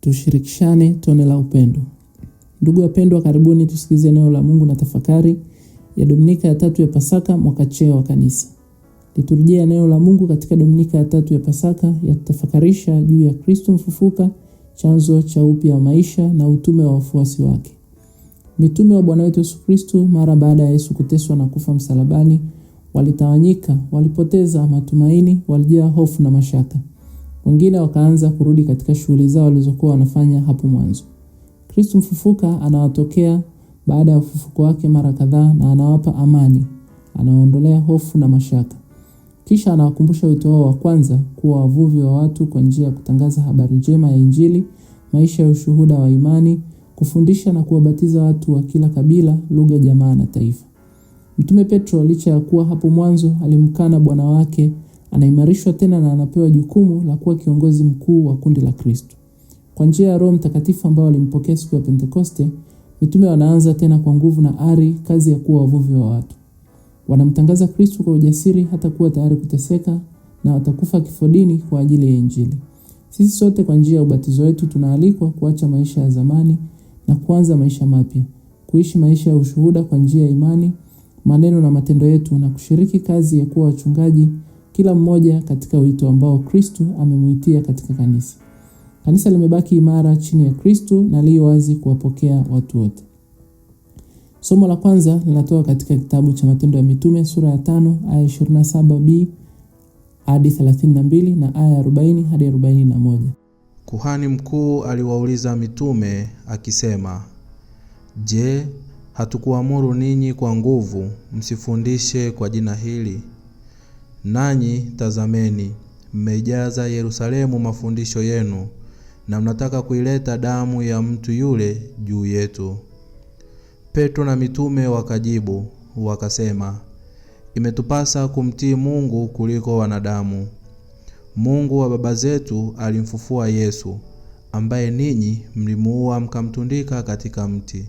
Tushirikishane tone la upendo. Ndugu wapendwa, karibuni tusikilize neno la Mungu na tafakari ya Dominika ya tatu ya Pasaka mwaka C wa Kanisa. Liturujia ya neno la Mungu katika Dominika ya tatu ya Pasaka yatutafakarisha juu ya Kristo mfufuka, chanzo cha upya wa maisha na utume wa wafuasi wake. Mitume wa Bwana wetu Yesu Kristo mara baada ya Yesu kuteswa na kufa msalabani, walitawanyika, walipoteza matumaini, walijaa hofu na mashaka. Wengine wakaanza kurudi katika shughuli zao walizokuwa wanafanya hapo mwanzo. Kristo mfufuka anawatokea baada ya ufufuko wake mara kadhaa na anawapa amani, anawaondolea hofu na mashaka. Kisha anawakumbusha wito wao wa kwanza kuwa wavuvi wa watu kwa njia ya kutangaza habari njema ya Injili, maisha ya ushuhuda wa imani, kufundisha na kuwabatiza watu wa kila kabila, lugha, jamaa na taifa. Mtume Petro licha ya kuwa hapo mwanzo alimkana Bwana wake Anaimarishwa tena na anapewa jukumu la kuwa kiongozi mkuu wa kundi la Kristo. Kwa njia ya Roho Mtakatifu ambao walimpokea siku ya Pentekoste, mitume wanaanza tena kwa nguvu na ari kazi ya kuwa wavuvi wa watu. Wanamtangaza Kristo kwa ujasiri hata kuwa tayari kuteseka na watakufa kifodini kwa ajili ya Injili. Sisi sote kwa njia ya ubatizo wetu tunaalikwa kuacha maisha ya zamani na kuanza maisha mapya, kuishi maisha ya ushuhuda kwa njia ya imani, maneno na matendo yetu na kushiriki kazi ya kuwa wachungaji kila mmoja katika wito ambao Kristu amemwitia katika kanisa. Kanisa limebaki imara chini ya Kristu na li wazi kuwapokea watu wote. Somo la kwanza linatoka katika kitabu cha Matendo ya Mitume sura ya 5 aya 27b hadi 32 na aya 40 hadi 41. Kuhani mkuu aliwauliza mitume akisema, Je, hatukuamuru ninyi kwa nguvu msifundishe kwa jina hili Nanyi tazameni, mmeijaza Yerusalemu mafundisho yenu, na mnataka kuileta damu ya mtu yule juu yetu. Petro na mitume wakajibu wakasema, imetupasa kumtii Mungu kuliko wanadamu. Mungu wa baba zetu alimfufua Yesu, ambaye ninyi mlimuua mkamtundika katika mti.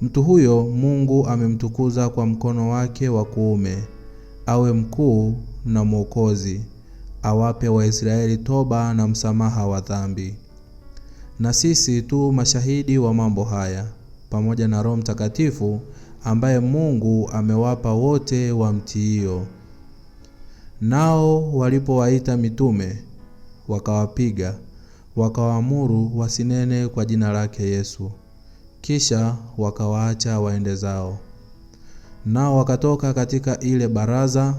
Mtu huyo Mungu amemtukuza kwa mkono wake wa kuume awe mkuu na mwokozi, awape Waisraeli toba na msamaha wa dhambi. Na sisi tu mashahidi wa mambo haya pamoja na Roho Mtakatifu ambaye Mungu amewapa wote wa mtiio. Nao walipowaita mitume wakawapiga, wakawaamuru wasinene kwa jina lake Yesu, kisha wakawaacha waende zao. Nao wakatoka katika ile baraza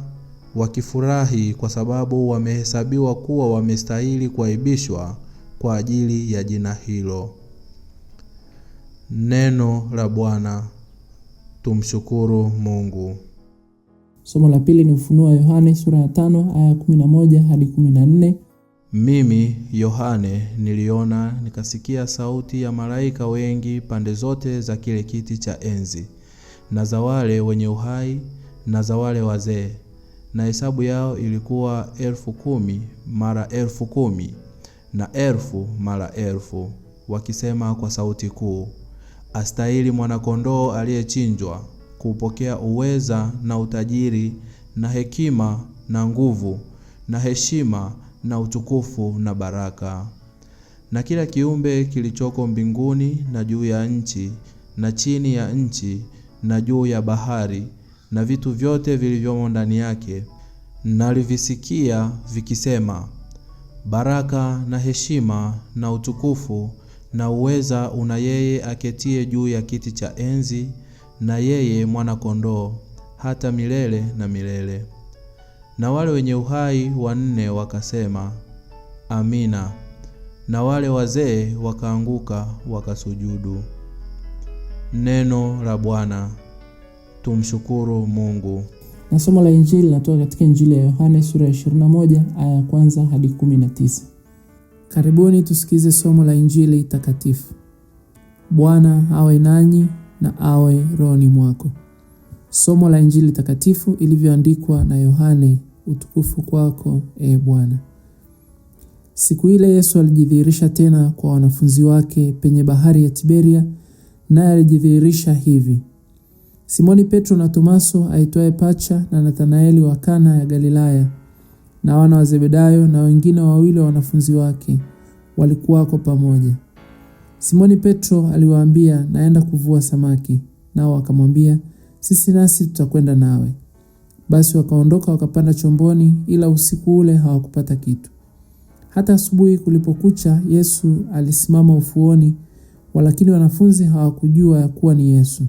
wakifurahi kwa sababu wamehesabiwa kuwa wamestahili kuaibishwa kwa ajili ya jina hilo. Neno la Bwana. Tumshukuru Mungu. Somo la pili ni Ufunuo wa Yohane sura ya tano aya kumi hadi kumi na nne. Mimi Yohane niliona nikasikia sauti ya malaika wengi pande zote za kile kiti cha enzi na za wale wenye uhai na za wale wazee, na hesabu yao ilikuwa elfu kumi mara elfu kumi na elfu mara elfu, wakisema kwa sauti kuu, astahili mwanakondoo aliyechinjwa kupokea uweza na utajiri na hekima na nguvu na heshima na utukufu na baraka. Na kila kiumbe kilichoko mbinguni na juu ya nchi na chini ya nchi na juu ya bahari na vitu vyote vilivyomo ndani yake. Nalivisikia vikisema, baraka na heshima na utukufu na uweza una yeye aketie juu ya kiti cha enzi na yeye mwana-kondoo, hata milele na milele. Na wale wenye uhai wanne wakasema Amina. Na wale wazee wakaanguka wakasujudu. Neno la Bwana. Tumshukuru Mungu. Na somo la Injili linatoka katika Injili ya Yohane sura ya 21 aya ya kwanza hadi 19. Karibuni tusikize somo la Injili takatifu. Bwana awe nanyi na awe rohoni mwako. Somo la Injili takatifu ilivyoandikwa na Yohane. Utukufu kwako e Bwana. Siku ile Yesu alijidhihirisha tena kwa wanafunzi wake penye bahari ya Tiberia naye alijidhihirisha hivi: Simoni Petro na Tomaso aitwaye Pacha na Nathanaeli wa Kana ya Galilaya na wana wa Zebedayo na wengine wawili wa wanafunzi wake walikuwako pamoja. Simoni Petro aliwaambia, naenda kuvua samaki, nao wakamwambia, sisi nasi tutakwenda nawe. Basi wakaondoka wakapanda chomboni, ila usiku ule hawakupata kitu. Hata asubuhi kulipokucha, Yesu alisimama ufuoni Walakini wanafunzi hawakujua ya kuwa ni Yesu.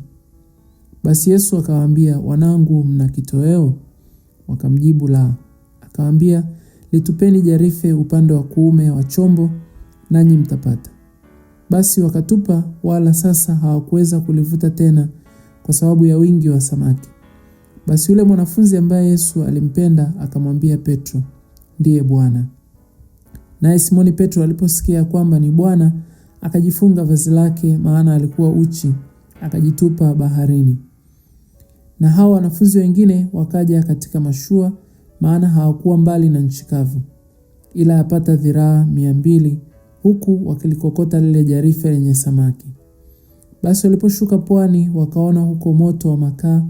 Basi Yesu akawaambia, wanangu, mna kitoweo? Wakamjibu, la. Akawaambia, litupeni jarife upande wa kuume wa chombo, nanyi mtapata. Basi wakatupa, wala sasa hawakuweza kulivuta tena kwa sababu ya wingi wa samaki. Basi yule mwanafunzi ambaye Yesu alimpenda akamwambia Petro, ndiye Bwana. Naye Simoni Petro aliposikia kwamba ni Bwana, Akajifunga vazi lake, maana alikuwa uchi, akajitupa baharini. Na hao wanafunzi wengine wakaja katika mashua, maana hawakuwa mbali na nchi kavu, ila yapata dhiraa mia mbili, huku wakilikokota lile jarife lenye samaki. Basi waliposhuka pwani, wakaona huko moto wa makaa,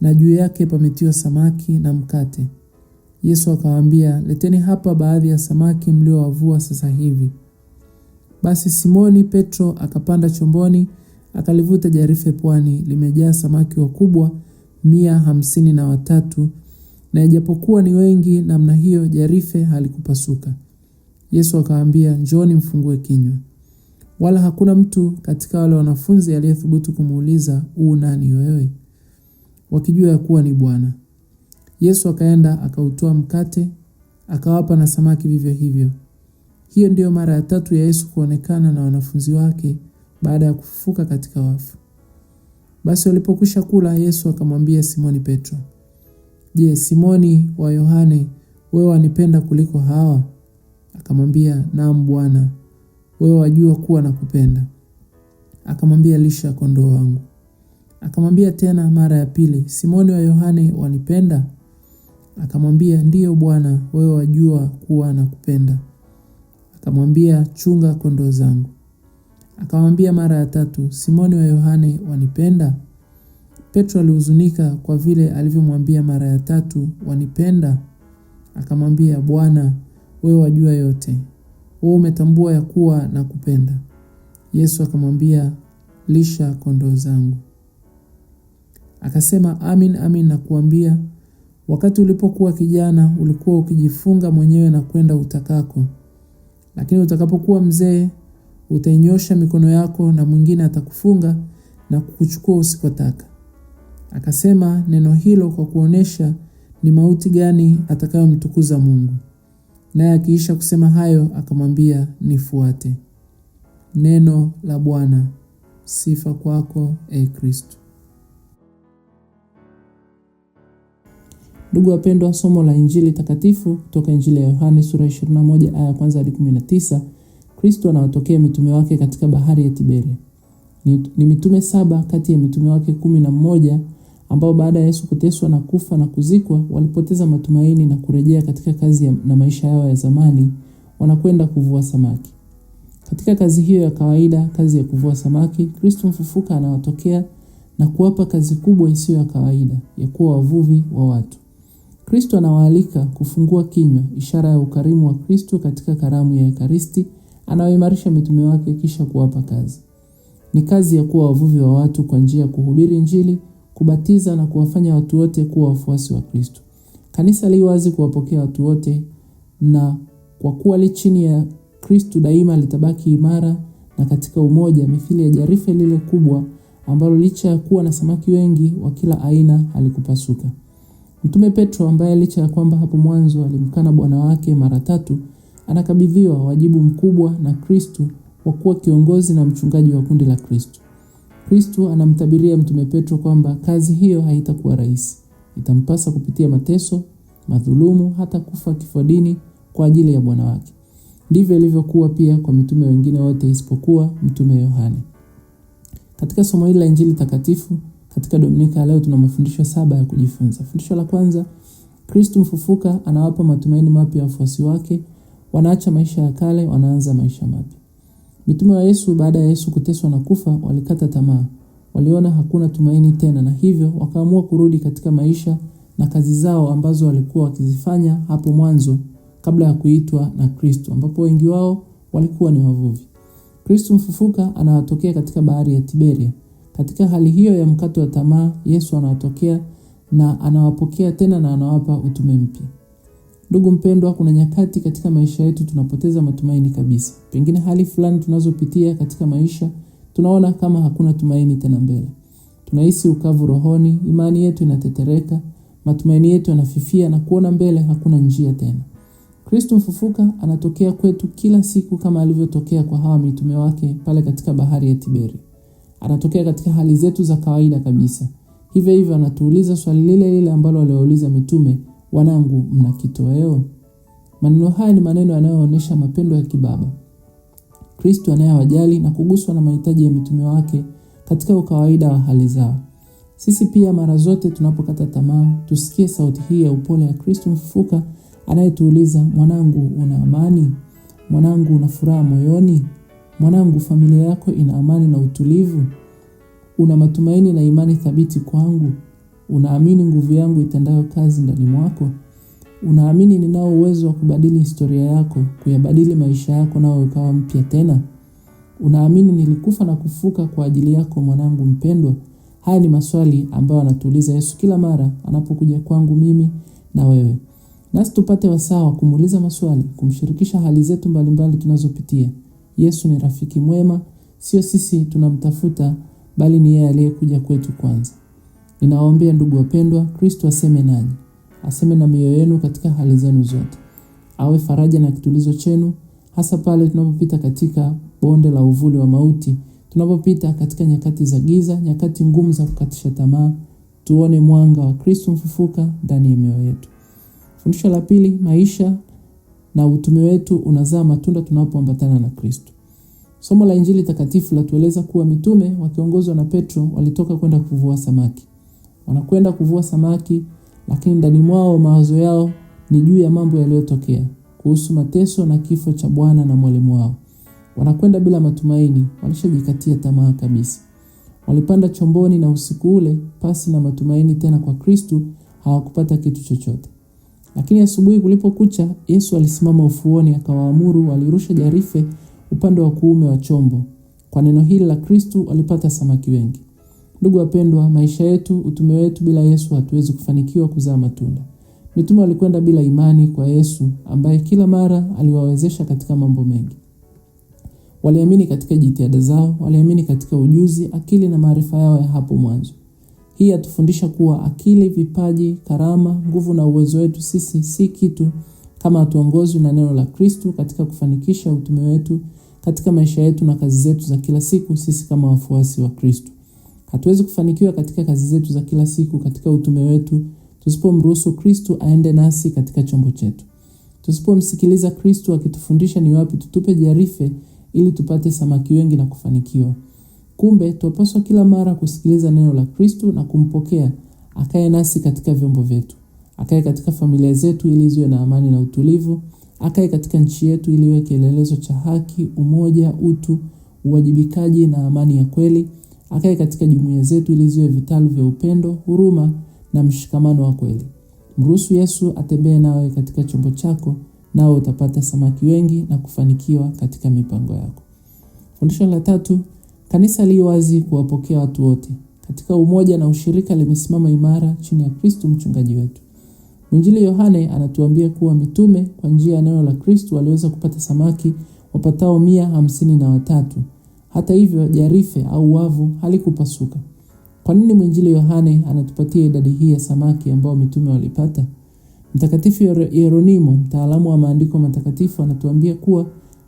na juu yake pametiwa samaki na mkate. Yesu akawaambia, leteni hapa baadhi ya samaki mliowavua sasa hivi. Basi Simoni Petro akapanda chomboni akalivuta jarife pwani, limejaa samaki wakubwa mia hamsini na watatu, na ijapokuwa ni wengi namna hiyo, jarife halikupasuka. Yesu akawaambia, njooni mfungue kinywa. Wala hakuna mtu katika wale wanafunzi aliyethubutu kumuuliza huu nani wewe, wakijua ya kuwa ni Bwana. Yesu akaenda akautoa mkate akawapa na samaki vivyo hivyo. Hiyo ndiyo mara ya tatu ya Yesu kuonekana na wanafunzi wake baada ya kufufuka katika wafu. Basi walipokwisha kula, Yesu akamwambia Simoni Petro, Je, Simoni wa Yohane, wewe wanipenda kuliko hawa? Akamwambia, naam Bwana, wewe wajua kuwa nakupenda. Akamwambia, lisha kondoo wangu. Akamwambia tena mara ya pili, Simoni wa Yohane, wanipenda? Akamwambia, ndiyo Bwana, wewe wajua kuwa nakupenda. Akamwambia, chunga kondoo zangu. Akamwambia mara ya tatu, Simoni wa Yohane wanipenda? Petro alihuzunika kwa vile alivyomwambia mara ya tatu, wanipenda? Akamwambia, Bwana, wewe wajua yote, wewe umetambua ya kuwa na kupenda. Yesu akamwambia, lisha kondoo zangu. Akasema, amin amin nakuambia, wakati ulipokuwa kijana ulikuwa ukijifunga mwenyewe na kwenda utakako lakini utakapokuwa mzee utainyosha mikono yako na mwingine atakufunga na kukuchukua usikotaka. Akasema neno hilo kwa kuonesha ni mauti gani atakayomtukuza Mungu. Naye akiisha kusema hayo akamwambia, nifuate. Neno la Bwana. Sifa kwako, e Kristo. Ndugu wapendwa, somo la Injili takatifu kutoka Injili ya Yohane sura 21 aya kwanza hadi 19. Kristo anawatokea mitume wake katika bahari ya Tiberi. Ni, ni mitume saba kati ya mitume wake kumi na mmoja ambao baada ya Yesu kuteswa na kufa na kuzikwa walipoteza matumaini na kurejea katika kazi ya, na maisha yao ya zamani, wanakwenda kuvua samaki. Katika kazi hiyo ya kawaida, kazi ya kuvua samaki, Kristo mfufuka anawatokea na kuwapa kazi kubwa isiyo ya kawaida ya kuwa wavuvi wa watu. Kristo anawaalika kufungua kinywa, ishara ya ukarimu wa Kristo katika karamu ya Ekaristi anaoimarisha mitume wake kisha kuwapa kazi. Ni kazi ya kuwa wavuvi wa watu kwa njia ya kuhubiri Injili, kubatiza na kuwafanya watu wote kuwa wafuasi wa Kristo. Kanisa li wazi kuwapokea watu wote, na kwa kuwa li chini ya Kristo daima litabaki imara na katika umoja, mithili ya jarife lile kubwa ambalo licha ya kuwa na samaki wengi wa kila aina halikupasuka. Mtume Petro ambaye licha ya kwamba hapo mwanzo alimkana Bwana wake mara tatu, anakabidhiwa wajibu mkubwa na Kristo wa kuwa kiongozi na mchungaji wa kundi la Kristo. Kristo anamtabiria Mtume Petro kwamba kazi hiyo haitakuwa rahisi. Itampasa kupitia mateso, madhulumu, hata kufa kifodini kwa ajili ya Bwana wake. Ndivyo ilivyokuwa pia kwa mitume wengine wote isipokuwa Mtume Yohane. Katika somo hili la Injili takatifu katika Dominika ya leo tuna mafundisho saba ya kujifunza. Fundisho la kwanza, Kristo mfufuka anawapa matumaini mapya ya wafuasi wake, wanaacha maisha ya kale, wanaanza maisha mapya. Mitume wa Yesu baada ya Yesu kuteswa na kufa walikata tamaa. Waliona hakuna tumaini tena na hivyo wakaamua kurudi katika maisha na kazi zao ambazo walikuwa wakizifanya hapo mwanzo kabla ya kuitwa na Kristo ambapo wengi wao walikuwa ni wavuvi. Kristo mfufuka anawatokea katika bahari ya Tiberia. Katika hali hiyo ya mkato wa tamaa, Yesu anawatokea na anawapokea tena na anawapa utume mpya. Ndugu mpendwa, kuna nyakati katika maisha yetu tunapoteza matumaini kabisa. Pengine hali fulani tunazopitia katika maisha, tunaona kama hakuna tumaini tena mbele. Tunahisi ukavu rohoni, imani yetu inatetereka, matumaini yetu yanafifia na kuona mbele hakuna njia tena. Kristo mfufuka anatokea kwetu kila siku kama alivyotokea kwa hawa mitume wake pale katika bahari ya Tiberia anatokea katika hali zetu za kawaida kabisa. Hivyo hivyo anatuuliza swali lile lile ambalo aliwauliza mitume, wanangu, mna kitoweo? Maneno haya ni maneno yanayoonyesha mapendo ya kibaba. Kristo anayewajali na kuguswa na mahitaji ya mitume wake katika ukawaida wa hali zao. Sisi pia mara zote tunapokata tamaa, tusikie sauti hii ya upole ya Kristo mfufuka anayetuuliza, mwanangu, una amani? Mwanangu, una furaha moyoni? Mwanangu, familia yako ina amani na utulivu? Una matumaini na imani thabiti kwangu? Unaamini nguvu yangu itendayo kazi ndani mwako? Unaamini ninao uwezo wa kubadili historia yako, kuyabadili maisha yako nao ukawa mpya tena? Unaamini nilikufa na kufuka kwa ajili yako mwanangu mpendwa? Haya ni maswali ambayo anatuuliza Yesu kila mara anapokuja kwangu mimi na wewe. Nasi tupate wasaa wa kumuuliza maswali, kumshirikisha hali zetu mbalimbali tunazopitia Yesu ni rafiki mwema, sio sisi tunamtafuta, bali ni yeye aliyekuja kwetu kwanza. Ninawaombea ndugu wapendwa, Kristo aseme nanyi, aseme na mioyo yenu katika hali zenu zote, awe faraja na kitulizo chenu, hasa pale tunapopita katika bonde la uvuli wa mauti, tunapopita katika nyakati za giza, nyakati ngumu za kukatisha tamaa, tuone mwanga wa Kristo mfufuka ndani ya mioyo yetu. Fundisho la pili, maisha na utume wetu unazaa matunda tunapoambatana na Kristo. Somo la Injili takatifu latueleza kuwa mitume wakiongozwa na Petro walitoka kwenda kuvua samaki. Wanakwenda kuvua samaki, lakini ndani mwao mawazo yao ni juu ya mambo yaliyotokea kuhusu mateso na kifo cha Bwana na mwalimu wao. Wanakwenda bila matumaini, walishajikatia tamaa kabisa. Walipanda chomboni na usiku ule, pasi na matumaini tena kwa Kristo, hawakupata kitu chochote. Lakini asubuhi kulipokucha, Yesu alisimama ufuoni, akawaamuru walirusha jarife upande wa kuume wa chombo. Kwa neno hili la Kristu walipata samaki wengi. Ndugu wapendwa, maisha yetu, utume wetu bila Yesu hatuwezi kufanikiwa kuzaa matunda. Mitume walikwenda bila imani kwa Yesu ambaye kila mara aliwawezesha katika mambo mengi. Waliamini katika jitihada zao, waliamini katika ujuzi, akili na maarifa yao ya hapo mwanzo. Hii atufundisha kuwa akili, vipaji, karama, nguvu na uwezo wetu sisi si kitu kama hatuongozwi na neno la Kristo katika kufanikisha utume wetu katika maisha yetu na kazi zetu za kila siku. Sisi kama wafuasi wa Kristo hatuwezi kufanikiwa katika kazi zetu za kila siku, katika utume wetu, tusipomruhusu Kristo aende nasi katika chombo chetu, tusipomsikiliza Kristo akitufundisha ni wapi tutupe jarife ili tupate samaki wengi na kufanikiwa. Kumbe twapaswa kila mara kusikiliza neno la Kristo na kumpokea akae nasi katika vyombo vyetu, akae katika familia zetu ili ziwe na amani na utulivu, akae katika nchi yetu ili iwe kielelezo cha haki, umoja, utu, uwajibikaji na amani ya kweli, akae katika jumuiya zetu ili ziwe vitalu vya upendo, huruma na mshikamano wa kweli. Mruhusu Yesu atembee nawe katika chombo chako, nao utapata samaki wengi na kufanikiwa katika mipango yako. Fundisho la tatu Kanisa liyo wazi kuwapokea watu wote katika umoja na ushirika, limesimama imara chini ya Kristu mchungaji wetu. Mwinjili Yohane anatuambia kuwa mitume kwa njia ya neno la Kristu waliweza kupata samaki wapatao mia hamsini na watatu. Hata hivyo, jarife au wavu halikupasuka. Kwa nini mwinjili Yohane anatupatia idadi hii ya samaki ambao mitume walipata? Mtakatifu Yeronimo, mtaalamu wa maandiko matakatifu, anatuambia kuwa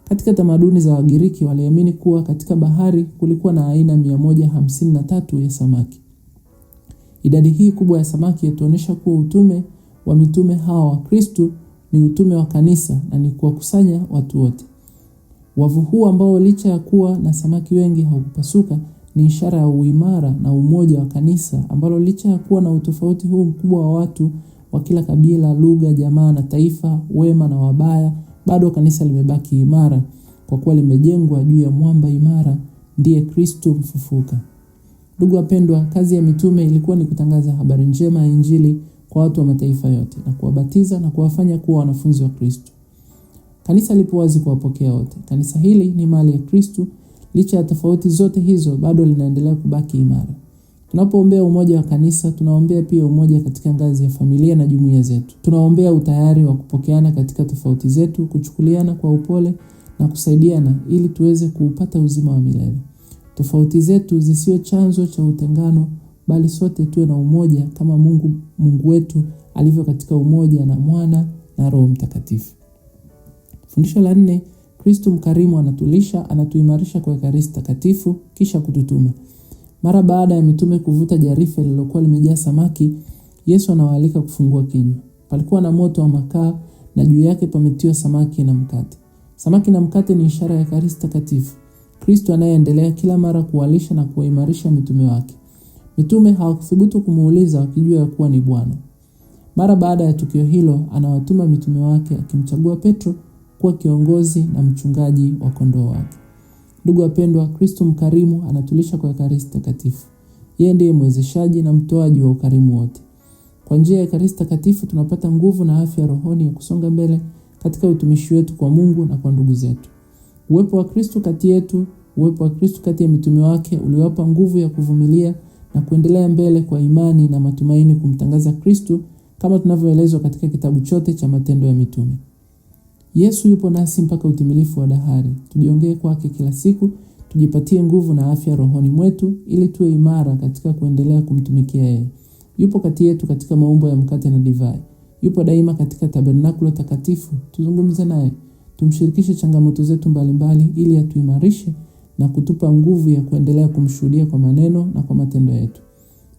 katika tamaduni za Wagiriki waliamini kuwa katika bahari kulikuwa na aina 153 ya samaki. Idadi hii kubwa ya samaki yatuonyesha kuwa utume wa mitume hawa wa Kristu ni utume wa kanisa na ni kuwakusanya watu wote. Wavu huu ambao licha ya kuwa na samaki wengi haukupasuka ni ishara ya uimara na umoja wa kanisa ambalo licha ya kuwa na utofauti huu mkubwa wa watu wa kila kabila, lugha, jamaa na taifa, wema na wabaya bado kanisa limebaki imara kwa kuwa limejengwa juu ya mwamba imara, ndiye Kristo mfufuka. Ndugu wapendwa, kazi ya mitume ilikuwa ni kutangaza habari njema ya Injili kwa watu wa mataifa yote na kuwabatiza na kuwafanya kuwa wanafunzi wa Kristo. Kanisa lipo wazi kuwapokea wote. Kanisa hili ni mali ya Kristo. Licha ya tofauti zote hizo, bado linaendelea kubaki imara. Tunapoombea umoja wa kanisa, tunaombea pia umoja katika ngazi ya familia na jumuiya zetu. Tunaombea utayari wa kupokeana katika tofauti zetu, kuchukuliana kwa upole na kusaidiana ili tuweze kuupata uzima wa milele. Tofauti zetu zisiwe chanzo cha utengano, bali sote tuwe na umoja kama Mungu Mungu wetu alivyo katika umoja na Mwana na Roho Mtakatifu. Fundisho la nne, Kristo mkarimu anatulisha, anatuimarisha kwa Ekaristi Takatifu kisha kututuma. Mara baada ya mitume kuvuta jarife lililokuwa limejaa samaki, Yesu anawaalika kufungua kinywa. Palikuwa na moto wa makaa na juu yake pametiwa samaki na mkate. Samaki na mkate ni ishara ya Ekaristi Takatifu, Kristo anayeendelea kila mara kuwalisha na kuwaimarisha mitume wake. Mitume hawakuthubutu kumuuliza wakijua ya kuwa ni Bwana. Mara baada ya tukio hilo, anawatuma mitume wake akimchagua Petro kuwa kiongozi na mchungaji wa kondoo wake. Ndugu wapendwa, Kristo mkarimu anatulisha kwa Ekaristi Takatifu. Yeye ndiye mwezeshaji na mtoaji wa ukarimu wote. Kwa njia ya Ekaristi Takatifu tunapata nguvu na afya rohoni ya kusonga mbele katika utumishi wetu kwa Mungu na kwa ndugu zetu. Uwepo wa Kristo kati yetu, uwepo wa Kristo kati ya mitume wake uliwapa nguvu ya kuvumilia na kuendelea mbele kwa imani na matumaini kumtangaza Kristo kama tunavyoelezwa katika kitabu chote cha Matendo ya Mitume. Yesu yupo nasi mpaka utimilifu wa dahari. Tujiongee kwake kila siku, tujipatie nguvu na afya rohoni mwetu, ili tuwe imara katika kuendelea kumtumikia yeye. Yupo kati yetu katika maumbo ya mkate na divai, yupo daima katika tabernakulo takatifu. Tuzungumze naye, tumshirikishe changamoto zetu mbalimbali, ili atuimarishe na kutupa nguvu ya kuendelea kumshuhudia kwa maneno na kwa matendo yetu.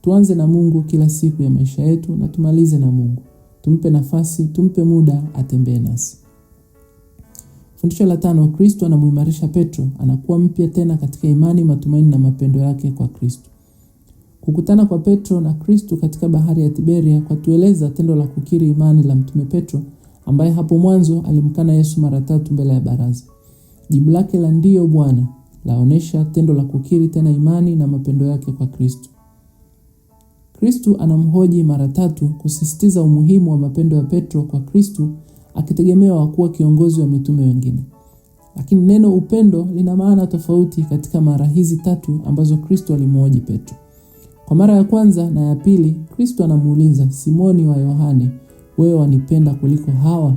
Tuanze na Mungu kila siku ya maisha yetu na tumalize na Mungu. Tumpe nafasi, tumpe muda, atembee nasi. Fundisho la tano, Kristo anamuimarisha Petro, anakuwa mpya tena katika imani, matumaini na mapendo yake kwa Kristo. Kukutana kwa Petro na Kristo katika bahari ya Tiberia kwatueleza tendo la kukiri imani la mtume Petro ambaye hapo mwanzo alimkana Yesu mara tatu mbele ya baraza. Jibu lake la ndiyo Bwana laonesha tendo la kukiri tena imani na mapendo yake kwa Kristo. Kristo anamhoji mara tatu kusisitiza umuhimu wa mapendo ya Petro kwa Kristo akitegemewa kuwa kiongozi wa mitume wengine. Lakini neno upendo lina maana tofauti katika mara hizi tatu ambazo Kristo alimhoji Petro. Kwa mara ya kwanza na ya pili, Kristo anamuuliza Simoni wa Yohane, wewe wanipenda kuliko hawa?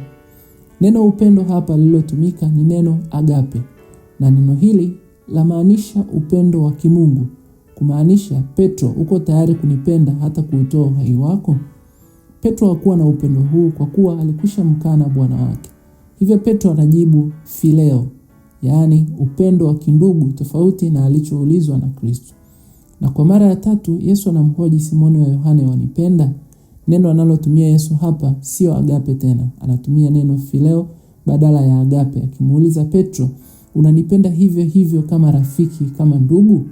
Neno upendo hapa lililotumika ni neno agape, na neno hili lamaanisha upendo wa kimungu, kumaanisha Petro, uko tayari kunipenda hata kuutoa uhai wako? Petro hakuwa na upendo huu kwa kuwa alikwisha mkana Bwana wake. Hivyo Petro anajibu fileo, yaani upendo wa kindugu, tofauti na alichoulizwa na Kristo. Na kwa mara ya tatu Yesu anamhoji Simoni wa Yohane, wanipenda? Neno analotumia Yesu hapa sio agape tena, anatumia neno fileo badala ya agape, akimuuliza Petro, unanipenda hivyo hivyo kama rafiki, kama ndugu?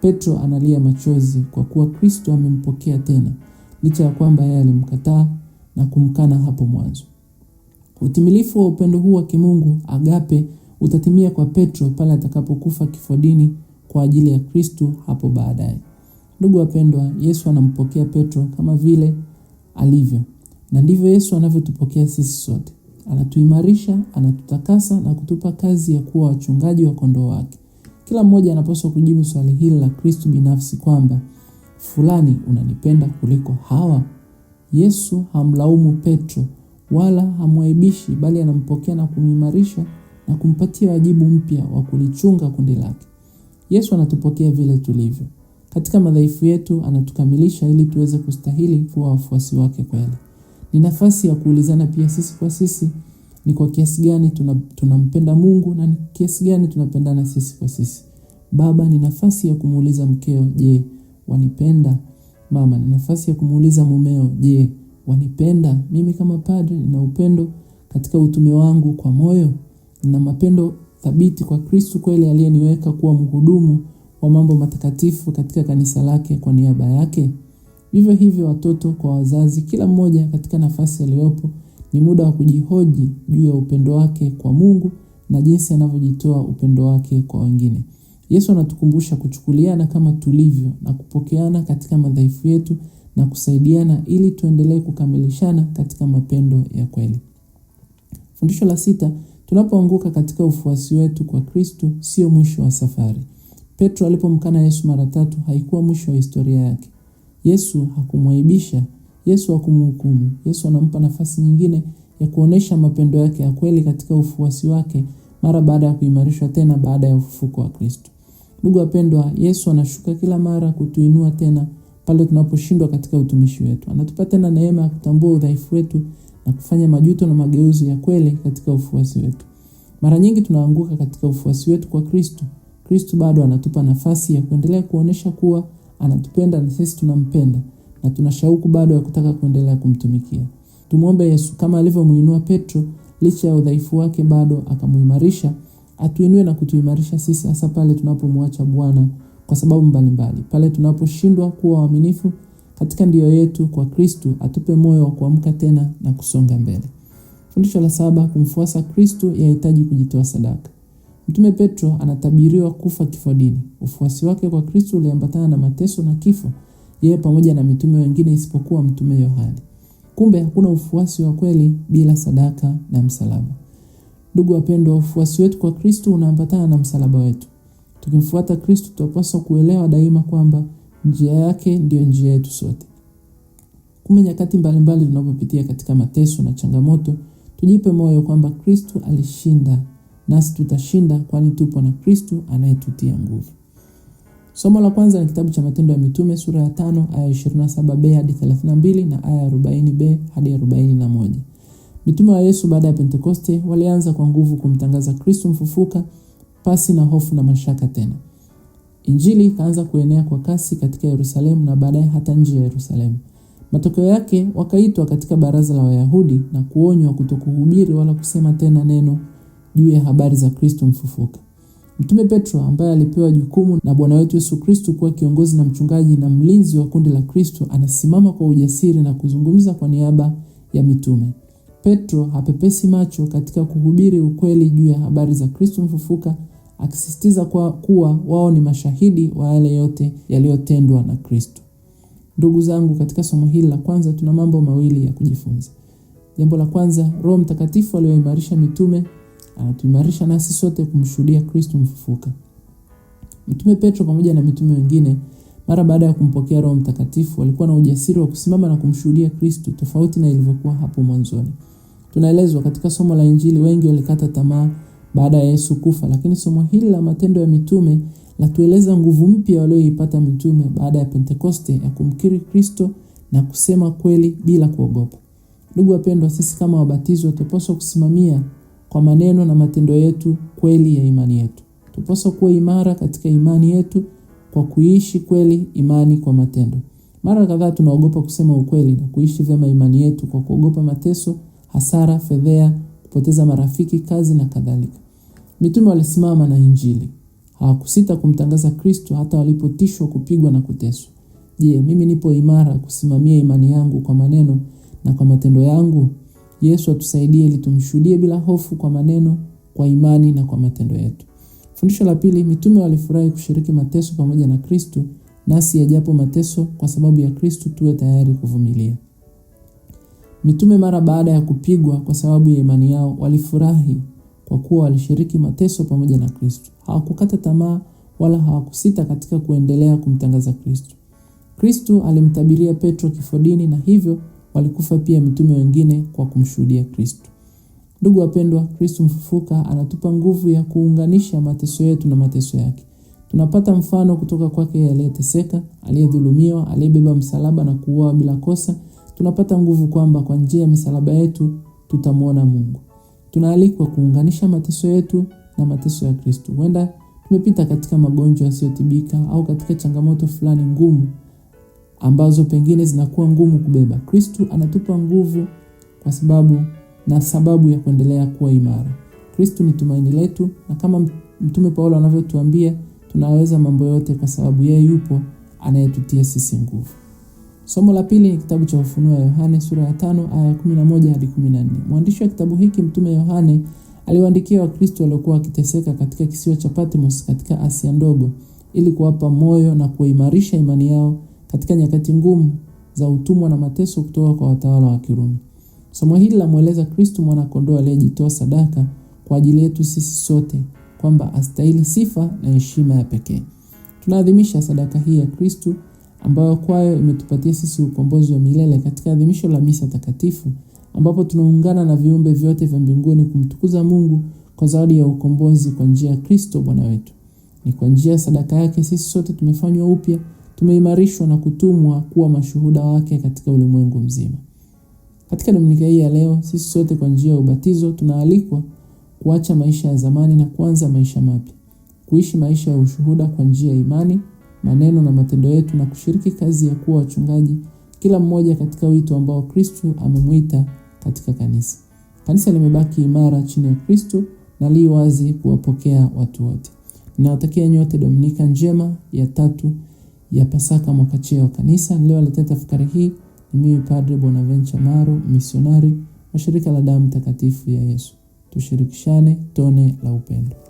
Petro analia machozi kwa kuwa Kristo amempokea tena licha ya kwamba yeye alimkataa na kumkana hapo mwanzo. Utimilifu wa upendo huu wa kimungu agape utatimia kwa Petro pale atakapokufa kifodini kwa ajili ya Kristo hapo baadaye. Ndugu wapendwa, Yesu anampokea Petro kama vile alivyo, na ndivyo Yesu anavyotupokea sisi sote. Anatuimarisha, anatutakasa na kutupa kazi ya kuwa wachungaji wa kondoo wake. Kila mmoja anapaswa kujibu swali hili la Kristo binafsi kwamba fulani unanipenda kuliko hawa? Yesu hamlaumu Petro wala hamwaibishi, bali anampokea na kumimarisha na kumpatia wajibu mpya wa kulichunga kundi lake. Yesu anatupokea vile tulivyo. Katika madhaifu yetu anatukamilisha ili tuweze kustahili kuwa wafuasi wake kweli. Ni nafasi ya kuulizana pia sisi kwa sisi, ni kwa kiasi gani tunampenda tuna Mungu na ni kiasi gani tunapendana sisi kwa sisi. Baba, ni nafasi ya kumuuliza mkeo, je, wanipenda mama? Ni nafasi ya kumuuliza mumeo, je, wanipenda mimi? Kama padre nina upendo katika utume wangu kwa moyo, nina mapendo thabiti kwa Kristu kweli aliyeniweka kuwa mhudumu wa mambo matakatifu katika kanisa lake kwa niaba yake. Vivyo hivyo, watoto kwa wazazi, kila mmoja katika nafasi aliyopo, ni muda wa kujihoji juu ya upendo wake kwa Mungu na jinsi anavyojitoa upendo wake kwa wengine. Yesu anatukumbusha kuchukuliana kama tulivyo na kupokeana katika madhaifu yetu na kusaidiana ili tuendelee kukamilishana katika mapendo ya kweli. Fundisho la sita, tunapoanguka katika ufuasi wetu kwa Kristo sio mwisho wa safari. Petro alipomkana Yesu mara tatu haikuwa mwisho wa historia yake. Yesu hakumwaibisha, Yesu hakumhukumu. Yesu anampa nafasi nyingine ya kuonesha mapendo yake ya kweli katika ufuasi wake mara baada ya kuimarishwa tena baada ya ufufuko wa Kristo. Ndugu wapendwa, Yesu anashuka kila mara kutuinua tena pale tunaposhindwa katika utumishi wetu. Anatupa tena neema ya kutambua udhaifu wetu na kufanya majuto na mageuzi ya kweli katika ufuasi wetu. Mara nyingi tunaanguka katika ufuasi wetu kwa Kristo. Kristo bado anatupa nafasi ya kuendelea kuonesha kuwa anatupenda na sisi tunampenda na tuna shauku bado ya kutaka kuendelea kumtumikia. Tumwombe Yesu kama alivyomuinua Petro licha ya udhaifu wake bado akamuimarisha atuinue na kutuimarisha sisi, hasa pale tunapomwacha Bwana kwa sababu mbalimbali mbali. Pale tunaposhindwa kuwa waaminifu katika ndio yetu kwa Kristu, atupe moyo wa kuamka tena na kusonga mbele. Fundisho la saba: kumfuasa Kristu yahitaji kujitoa sadaka. Mtume Petro anatabiriwa kufa kifodini. Ufuasi wake kwa Kristu uliambatana na mateso na kifo, yeye pamoja na mitume wengine isipokuwa mtume Yohane. Kumbe hakuna ufuasi wa kweli bila sadaka na msalaba. Ndugu wapendwa, ufuasi wetu kwa Kristo unaambatana na msalaba wetu. Tukimfuata Kristo tutapaswa kuelewa daima kwamba njia yake ndiyo njia yetu sote. Kume nyakati mbalimbali tunapopitia katika mateso na changamoto, tujipe moyo kwamba Kristo alishinda, nasi tutashinda, kwani tupo na Kristo anayetutia nguvu. Somo la kwanza ni kitabu cha Matendo ya Mitume sura ya 5 aya 27b hadi 32 na aya 40b hadi 41. Mitume wa Yesu baada ya Pentekoste walianza kwa nguvu kumtangaza Kristo mfufuka pasi na hofu na mashaka tena. Injili ikaanza kuenea kwa kasi katika Yerusalemu na baadaye hata nje ya Yerusalemu. Matokeo yake wakaitwa katika baraza la Wayahudi na kuonywa kutokuhubiri wala kusema tena neno juu ya habari za Kristo mfufuka. Mtume Petro ambaye alipewa jukumu na Bwana wetu Yesu Kristo kuwa kiongozi na mchungaji na mlinzi wa kundi la Kristo anasimama kwa ujasiri na kuzungumza kwa niaba ya mitume. Petro hapepesi macho katika kuhubiri ukweli juu ya habari za Kristo mfufuka, akisisitiza kwa kuwa wao ni mashahidi wa yale yote yaliyotendwa na Kristo. Ndugu zangu, katika somo hili la kwanza tuna mambo mawili ya kujifunza. Jambo la kwanza, Roho Mtakatifu aliyoimarisha mitume anatuimarisha nasi sote kumshuhudia Kristo mfufuka. Mtume Petro pamoja na mitume wengine mara baada ya kumpokea Roho Mtakatifu walikuwa na ujasiri wa kusimama na kumshuhudia Kristo tofauti na ilivyokuwa hapo mwanzoni. Tunaelezwa katika somo la Injili wengi walikata tamaa baada ya Yesu kufa, lakini somo hili la Matendo ya Mitume latueleza nguvu mpya walioipata mitume baada ya Pentekoste ya kumkiri Kristo na kusema kweli bila kuogopa. Ndugu wapendwa, sisi kama wabatizwa tupaswa kusimamia kwa maneno na matendo yetu kweli ya imani yetu. Tupaswa kuwa imara katika imani yetu kwa kuishi kweli imani kwa matendo. Mara kadhaa tunaogopa kusema ukweli na kuishi vyema imani yetu kwa kuogopa mateso hasara, fedhea, kupoteza marafiki, kazi na kadhalika. Mitume walisimama na Injili, hawakusita kumtangaza Kristo hata walipotishwa, kupigwa na kuteswa. Je, mimi nipo imara kusimamia imani yangu kwa maneno na kwa matendo yangu? Yesu atusaidie ili tumshuhudie bila hofu, kwa maneno, kwa imani na kwa matendo yetu. Fundisho la pili: mitume walifurahi kushiriki mateso pamoja na Kristo, nasi yajapo mateso kwa sababu ya Kristo tuwe tayari kuvumilia. Mitume mara baada ya kupigwa kwa sababu ya imani yao walifurahi kwa kuwa walishiriki mateso pamoja na Kristo. Hawakukata tamaa wala hawakusita katika kuendelea kumtangaza Kristo. Kristo alimtabiria Petro kifodini na hivyo walikufa pia mitume wengine kwa kumshuhudia Kristo. Ndugu wapendwa, Kristo mfufuka anatupa nguvu ya kuunganisha mateso yetu na mateso yake. Tunapata mfano kutoka kwake aliyeteseka, aliyedhulumiwa, aliyebeba msalaba na kuuawa bila kosa tunapata nguvu kwamba kwa njia ya misalaba yetu tutamwona Mungu. Tunaalikwa kuunganisha mateso yetu na mateso ya Kristo. Huenda tumepita katika magonjwa yasiyotibika au katika changamoto fulani ngumu ambazo pengine zinakuwa ngumu kubeba. Kristo anatupa nguvu kwa sababu na sababu ya kuendelea kuwa imara. Kristo ni tumaini letu, na kama Mtume Paulo anavyotuambia tunaweza mambo yote kwa sababu yeye yupo anayetutia sisi nguvu. Somo la pili ni kitabu cha Ufunuo Yohane sura ya tano aya kumi na moja hadi kumi na nne. Mwandishi wa kitabu hiki Mtume Yohane aliwaandikia Wakristo waliokuwa wakiteseka katika kisiwa cha Patmos katika Asia ndogo ili kuwapa moyo na kuimarisha imani yao katika nyakati ngumu za utumwa na mateso kutoka kwa watawala wa Kirumi. Somo hili lamweleza Kristo mwana kondoo aliyejitoa sadaka kwa ajili yetu sisi sote kwamba astahili sifa na heshima ya pekee. Tunaadhimisha sadaka hii ya Kristo ambayo kwayo imetupatia sisi ukombozi wa milele katika adhimisho la misa takatifu ambapo tunaungana na viumbe vyote vya mbinguni kumtukuza Mungu kwa zawadi ya ukombozi kwa njia ya Kristo Bwana wetu. Ni kwa njia ya sadaka yake sisi sote tumefanywa upya, tumeimarishwa na kutumwa kuwa mashuhuda wake katika ulimwengu mzima. Katika Dominika hii ya leo, sisi sote kwa njia ya ubatizo tunaalikwa kuacha maisha ya zamani na kuanza maisha mapya, kuishi maisha ya ushuhuda kwa njia ya imani maneno na matendo yetu na kushiriki kazi ya kuwa wachungaji, kila mmoja katika wito ambao Kristo amemwita katika kanisa. Kanisa limebaki imara chini ya Kristo na li wazi kuwapokea watu wote. Ninawatakia nyote Dominika njema ya tatu ya Pasaka mwaka wa kanisa. Niliyowaletea tafakari hii ni mimi Padre Bonaventure Maro, misionari wa shirika la damu takatifu ya Yesu. Tushirikishane tone la upendo.